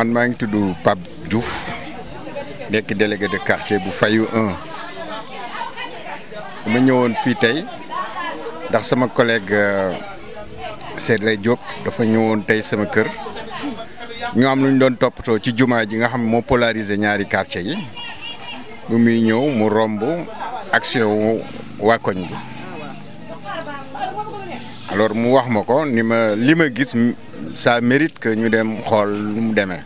man maa ngi tudd Pape Diouf nekk délégué de quartier bu Fayu 1 ma ñëwoon fii tey ndax sama seet euh, Seydou Diop dafa ñëwoon tey sama kër ñu am lu ñu doon toppatoo ci jumaa ji nga xam moo polariser ñaari quartier yi bu muy ñëw mu romb action wu waa koñ bi alors mu wax ma ko ni ma li ma gis ça mérite que ñu dem xool lu mu demee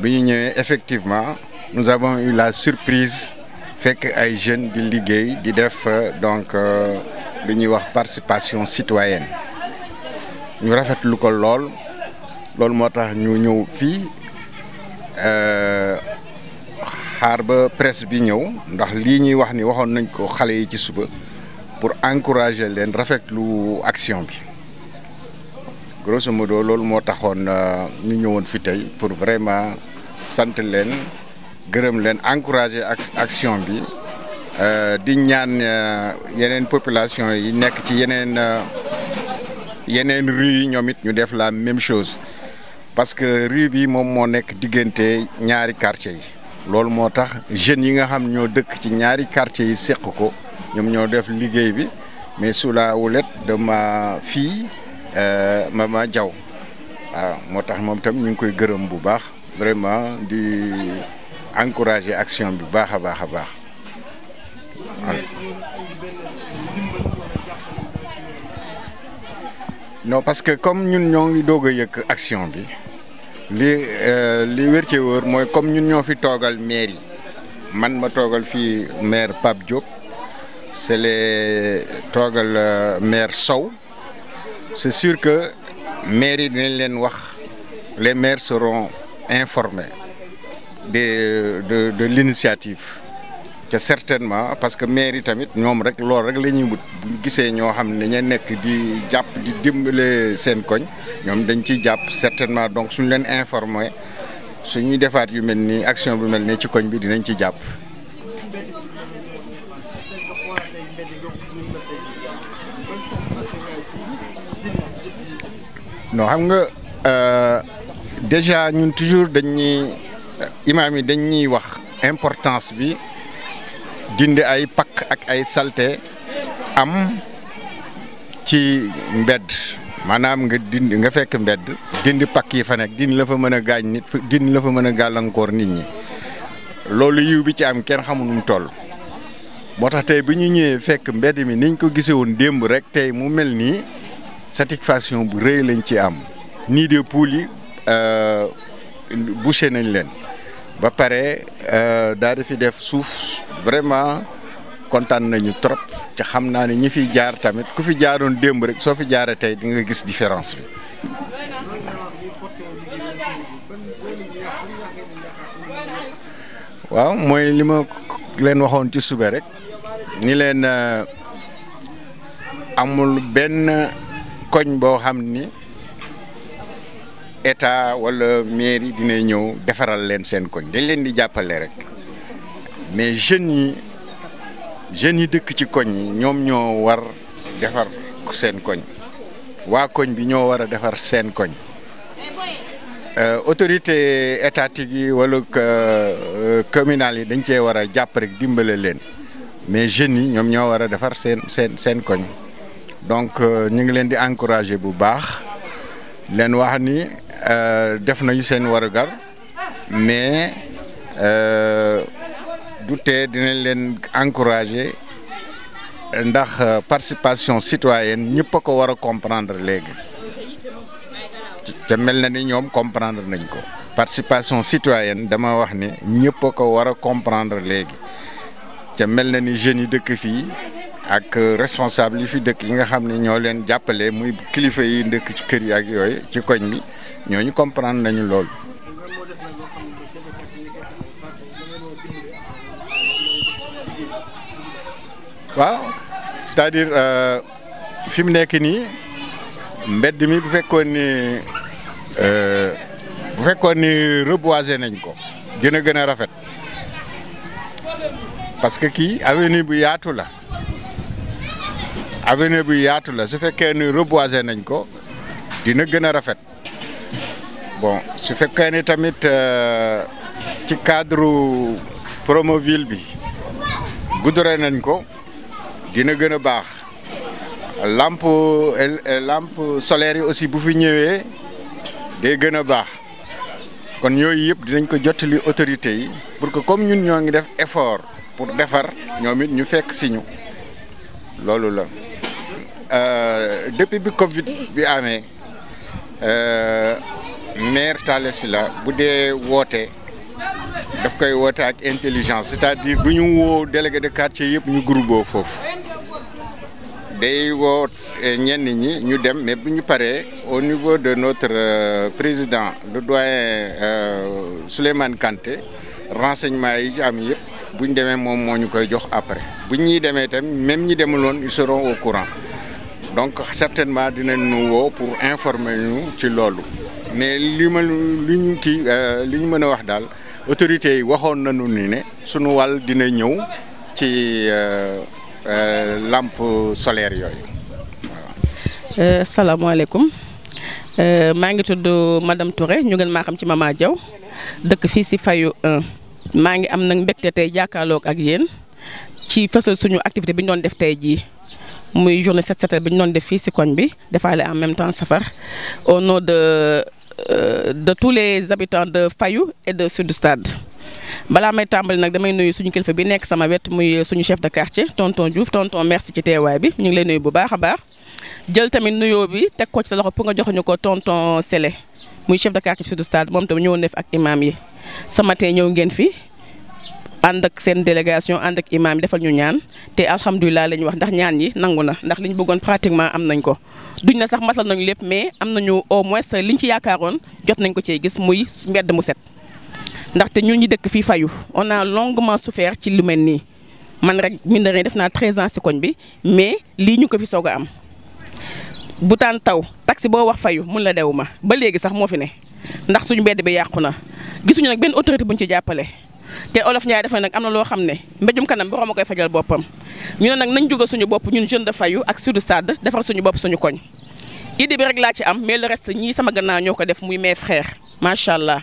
bi ñu ñëwee effectivement nous avons eu la surprise fekk ay jeunes di liggéey di def euh, donc euh, lu ñuy wax participation citoyenne ñu rafetlu ko lool loolu moo tax ñu ñëw fii euh, xaar ba presse bi ñëw ndax lii ñuy wax ni waxoon nañ ko xale yi ci suba pour encourager leen rafetlu action bi grosso modo loolu moo taxoon ñu ñëwoon fi tey pour vraiment sant leen gërëm leen encourager ak action bi euh, di ñaan euh, yeneen population yi nekk ci yeneen euh, yeneen rue yi ñoom it ñu def la même chose parce que rue bi moom moo nekk diggante ñaari quartier yi loolu moo tax jeunes yi nga xam ñoo dëkk ci ñaari quartier yi séq ko ñoom ñoo def liggéey bi mais sous la houlette de ma fille Mama Diaw waaw moo tax moom tam ñu ngi koy gërëm bu baax vraiment di encouragé action bi baax a baax a baax non parce que comme ñun ñoo ngi doog a yëkk action bi li euh, li wér ci wóor mooy comme ñun ñoo fi toogal maire man ma toogal fii maire Pape Diop c'est les toogal euh, maire Sow c'est sûr que maire yi dinañ leen wax les maire seront informés de de de l'initiative te certainement parce que mairie tamit ñoom rek loolu rek la ñuy wut bu gisee ñoo xam ne ña nekk di jàpp di dimbale seen koñ ñoom dañ ciy jàpp certainement donc suñ leen informé suñuy defaat yu mel ni action bu mel ni ci koñ bi dinañ ci jàpp. non xam nga euh, déjà ñun toujours dañuy. imaam yi dañ ñuy wax importance bi dind ay pakk ak ay salte am ci mbedd maanaam nga dindi nga fekk mbedd dind pakk yi fa nekk dind la fa mën a gaañ nit dind la fa mën a gàllankoor nit ñi loolu yiw bi ci am kenn xamul nu toll moo tax tey bi ñu ñëwee fekk mbedd mi niñ ko gisee woon démb rek tey mu mel nii satisfaction bu rëy lañ ci am nii de poul yi euh, bouché nañ leen ba pare euh, daal di fi def suuf vraiment kontaan nañu trop te xam naa ni ñi fiy jaar tamit ku fi jaaroon démb rek soo fi jaaree tey di nga gis différence bi. waaw mooy li ma leen waxoon ci suba rek ni leen euh, amul benn koñ boo xam ni. état wala mairie dina ñëw defaral leen seen koñ dañ leen di jàppale rek mais jeunes yi jeunes yi dëkk ci koñ ñoom ñoo war defar seen koñ waa koñ bi ñoo war a defar seen koñ euh, autorité étatique yi wala euh, communal yi dañ cee war a jàpp rek dimbale leen mais jeunes yi ñoom ñoo war a defar seen seen seen koñ donc euh, ñu leen di encourager bu baax leen wax ni Euh, def nañu seen warugar mais euh, du tee dinañ leen encourager ndax euh, participation citoyenne ñëpp a ko war a comprendre léegi te mel na ni ñoom comprendre nañ ko participation citoyenne dama wax ni ñëpp ko war a comprendre léegi te mel na ni jeunes yi dëkk fii ak responsable yi fi dëkk yi nga xam ni ñoo leen jàppale muy kilifa yi ndëkk ci kër yi ak yooyu ci koñ bi ñooñu comprendre nañu loolu. waaw c'est-à-dire euh, fi mu nekk nii mbedd mi bu fekkoon ni euh, bu fekkoon ni reboisé nañ ko dina gën a rafet parce que kii avenue bu yaatu la avenue bu yaatu la su fekkee ni reboisé nañ ko dina gën a rafet. bon su fekkee ni tamit euh, ci cadre Promoville bi goudronné nañ ko dina gën a baax lampe làmp euh, solaire yi aussi bu fi ñëwee day gën a baax kon yooyu yëpp dinañ ko jottali autorité yi pour que comme ñun ñoo ngi def effort pour defar ñoom it ñu fekk si ñu loolu la euh, depuis bi Covid bi amee. maire Talla Sylla bu dee woote daf koy woote ak intelligence c'est-à-dire du ñu woo délégué de quartier yëpp ñu groupé foofu day woo eh, ñenn ñi ñu dem mais bu ñu paree au niveau de notre euh, président le doyen euh, Souleymane Kanté renseignement yi am yëpp bu ñu demee moom moo ñu koy jox après bu ñuy demee tam même ñi demuloon ils seront au courant donc certainement dina ñu woo pour informer ñu ci loolu. mais li ma li ñu kii euh, li ñu mën a wax daal autorités yi waxoon na nañu ni ne sunu wàll dina ñëw ci euh, euh, làmp solaire yooyu waaw. salaamaaleykum maa ngi tudd madame Touré ñu gën maa xam ci Mama jaw dëkk fii si fayu maa ngi am nag mbégte tey jàkkaarloog ak yéen ci fësal suñu activité bi ñu doon def tey jii. muy journée set setal bi ñu doon def fii si koñ bi defaale en même temps safar au nom de Euh, de tous les habitants de Fayou et de Sud Stade balaa may tàmbali nag damay nuyu suñu kilifa bi nekk sama wet muy suñu chef de quartier tonton Diouf tonton merci ci teewaay bi ñu ngi lay nuyu bu baax a baax jël tamit nuyoo bi teg ko ci sa loxo pour nga joxuñu ko tonton Sélé muy chef de quartier Sud Stade moom tamit ñëw neef ak imam yi sama tey ñëw ngeen fii ànd ak seen délégation ànd ak imaam yi defal ñu ñaan te alhamdulilah la ñu wax ndax ñaan yi nangu na ndax li ñu bëggoon pratiquement am nañ ko duñ na sax matal nañu lépp mais am nañu au moins liñ ci yaakaaroon jot nañ ko cee gis muy mbedd mu set ndaxte ñun ñu dëkk fii fayu on a longuement souffert ci lu mel nii man rek mine de def naa 13 ans si koñ bi mais lii ñu ko fi soog a am bu taan taw taxi boo wax fayu mun la dew ma ba léegi sax moo fi ne ndax suñu mbedd bi yàqu na gisuñu nag benn autorité buñ ci jàppale te olof Ndiaye dafa nag am na loo xam ne mbéjum kanam borom a koy fajal boppam ñu ne nag nañ jóge suñu bopp ñu ñun jeune de fayu ak sud stade defar suñu bopp suñu koñ idée bi rek laa ci am mais le reste ñii sama gannaaw ñoo ko def muy mes frères macha allah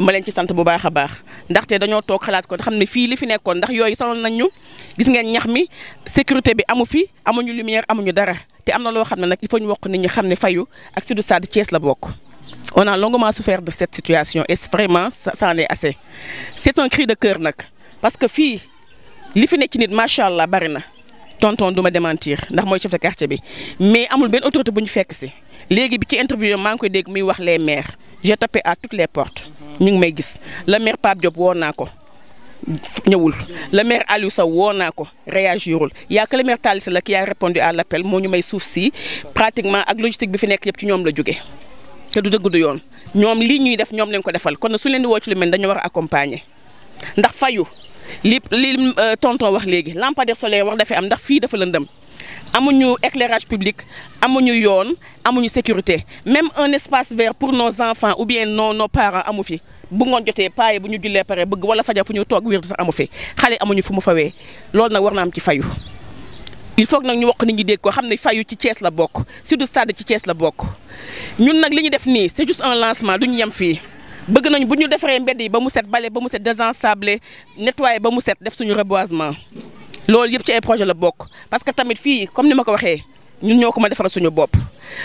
ma leen ci sant bu baax a baax ndaxte dañoo toog xalaat ko xam ne fii li fi nekkoon ndax yooyu sonal nañu ñu gis ngeen ñax mi sécurité bi amu fi amuñu lumière amuñu dara te am na loo xam ne nag il faut ñu xam ne fayu ak sud stade Thiès la bokk. on a longuement souffert de cette situation et vraiment ça, ça en est assez c'est de cœur nag parce que fii li fi nekk ci nit macha allah bari na tonton du ma démentir ndax mooy chef de quartier bi mais amul benn autorité bu ñu fekk si léegi bi ci interview maa ngi koy dégg muy wax les maires j'ai tapé à toutes les mhm. ñu ngi may gis le maire Pape Diop woo naa ko ñëwul le maire Aliou Sow woo ko réagirul yaa que le maire Thalissa la ki yaa répondu à moo ñu may suuf si pratiquement ak logistique bi fi nekk yëpp ci ñoom la jóge te du dëgg du yoon ñoom lii ñuy def ñoom lañ ko defal kon na suñ leen di woo ci lu mel war a accompagner ndax fayu li li euh, tonton wax léegi lampadaire solaire wax dafay am ndax fii dafa lëndëm amuñu éclairage public amuñu yoon amuñu sécurité même un espace vert pour nos enfants ou bien non nos parents amu fi bu ngoon jotee paaye bu ñu jullee pare bëgg wala fajar fu ñu toog wér sax amu fi xale amuñu fu mu fawee loolu nag war naa am ci fayu li faut nag ñu wax nit ñu dégg ko xam ne fayu ci Thiès la bokk Sud Stade ci Thiès la bokk ñun nag li ñu def nii c'est juste un lancement duñu yem fii bëgg nañ bu ñu defaree mbedd yi ba mu set bale ba mu set désensablé nettoyé ba mu set def suñu reboisement loolu yëpp ci ay projet la bokk parce que tamit fii comme ni ma ko waxee ñun ñoo ko ma defaral suñu bopp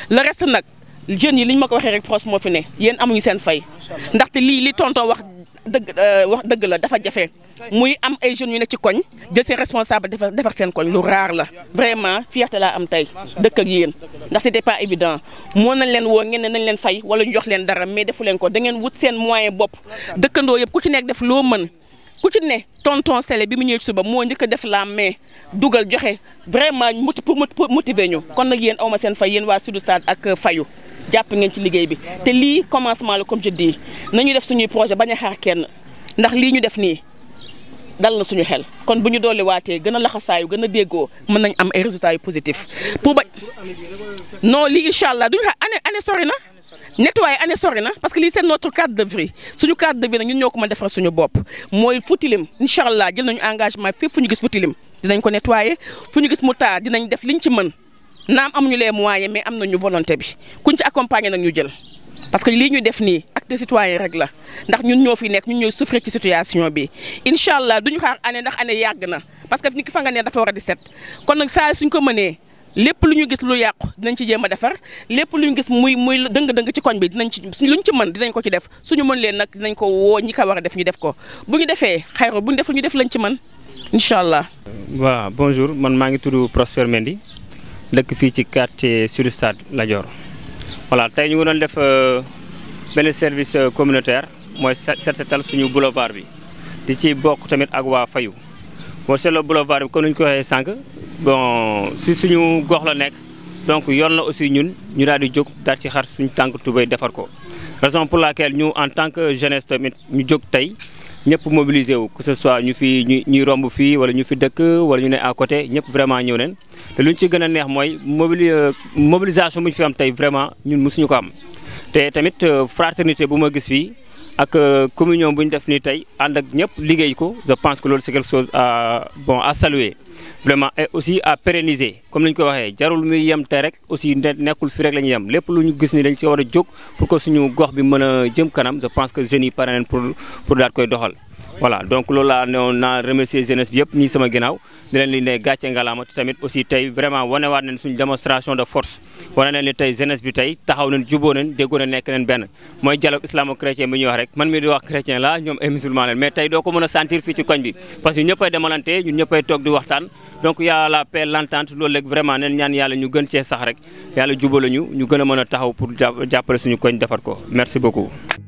le reste nag jeunes yi li ñu ma ko waxee rek proche moo fi ne yéen amuñu seen fay ndaxte lii li tonton wax dëgg euh, wax dëgg la dafa jafe muy am ay jeunes yu ne ci koñ jël seen responsable defar defar seen koñ lu raar la vraiment fierté laa am tey dëkk ak yéen ndax c'était pas évident moo nañ leen woo ngeen ne nañ leen fay wala ñu jox leen dara mais defu leen ko da ngeen wut seen moyen bopp dëkkandoo yëpp ku ci nekk def loo mën ku ci ne tonton Sélé bi mu ñëwee suba moo njëkk a def la mais dugal joxe vraiment muti pour motiver ñu kon nag yéen awma seen fay yéen waa Sud Sade ak fayu jàpp ngeen ci liggéey bi te lii commencement la comme je dis nañu def suñuy projet bañ a xaar kenn ndax lii ñu def nii dal na suñu xel kon bu ñu doole waatee gën a laxasaayu gën a déggoo mën nañ am ay résultats yu positif pour ba non lii incha allah duñu xa année année sori na ane année sori na parce que lii c'est notre cadre de vie suñu cadre de vie nag ñun ñoo ko mën a defar bopp mooy futilim incha allah jël nañu engagement fépp fu ñu gis futilim dinañ ko nettoyé fu ñu gis mu taa dinañ def liñ ci mën naam amuñu les moyens mais am nañu volonté bi kuñ ci accompagner na ñu jël parce que lii ñu def nii acte citoyen rek la ndax ñun ñoo fi nekk ñun ñooy souffrir ci situation bi incha allah duñu xaar année ndax année yàgg na parce que ni ki fa nga ne dafa war a di set kon nag saa suñ ko mënee lépp lu ñu gis lu yàqu dinañ ci jéem a defar lépp lu ñu gis muy muy dëng-dëng ci koñ bi dinañ ci luñ ci mën dinañ ko ci def suñu mën leen nag dinañ ko woo ñi ko war a def ñu def ko bu ñu defee xayro bu ñu def lu def lañ ci mën incha allah. waaw bonjour man maa ngi tudd Prosper Mendy dëkk fii ci quartier Sud Stade Lat Dior voilà tey ñu ngi doon def euh, benn service euh, communautaire mooy set setal suñu boulevard bi di ci bokk tamit ak waa fayu boo seetloo boulevard bi comme ni ñu ko waxee sànq bon si suñu gox la nekk donc yoon la aussi ñun ñu daal di jóg daal ci xar suñ tànk tubéy defar ko raison pour laquelle ñu en tant que jeunesse tamit ñu jóg tey ñëpp mobilisé wu que ce soit ñu fi ñu ñuy romb fii wala ñu fi dëkk wala ñu ne à côté ñëpp vraiment ñëw neen te lu ñu ci gën a neex mooy mobili euh, mobilisation bu fi am tey vraiment ñun mosuñu ko am te tamit euh, fraternité bu ma gis fii ak euh, communion bu ñu def nii tey ànd ak ñëpp liggéey ko je pense que loolu ci quelque chose à bon à vraiment aussi à pérenniser comme ni ñu ko waxee jarul muy yem te rek aussi nekkul fi rek la yem lépp lu ñu gis ni dañ ci war a jóg pour ko suñu gox bi mën a jëm kanam je pense que jeunes yi pare nañ pour pour daal koy doxal. voilà donc loolu laa ne naa remercier jeunesse bi yëpp ñi sama ginnaaw di leen li ne gàcce ngalaama te tamit aussi tey vraiment wanewaat nañ suñ démonstration de force wane nañ tey jeunesse bi tey taxaw nañ juboo nañ déggoo nañ nekk nañ benn mooy dialogue islamo-chrétien bi ñuy wax rek man mi di wax chrétien la ñoom ay musulman leen mais tey doo ko mën a sentir fii ci koñ bi parce que ñun ñëppay demalante ñun ñëppay toog di waxtaan donc y'a la paix l'entente loolu léegi ñaan yàlla ñu gën cee sax rek yàlla jubalañu ñu gën a mën a taxaw pour jàppale suñu koñ defar ko merci beaucoup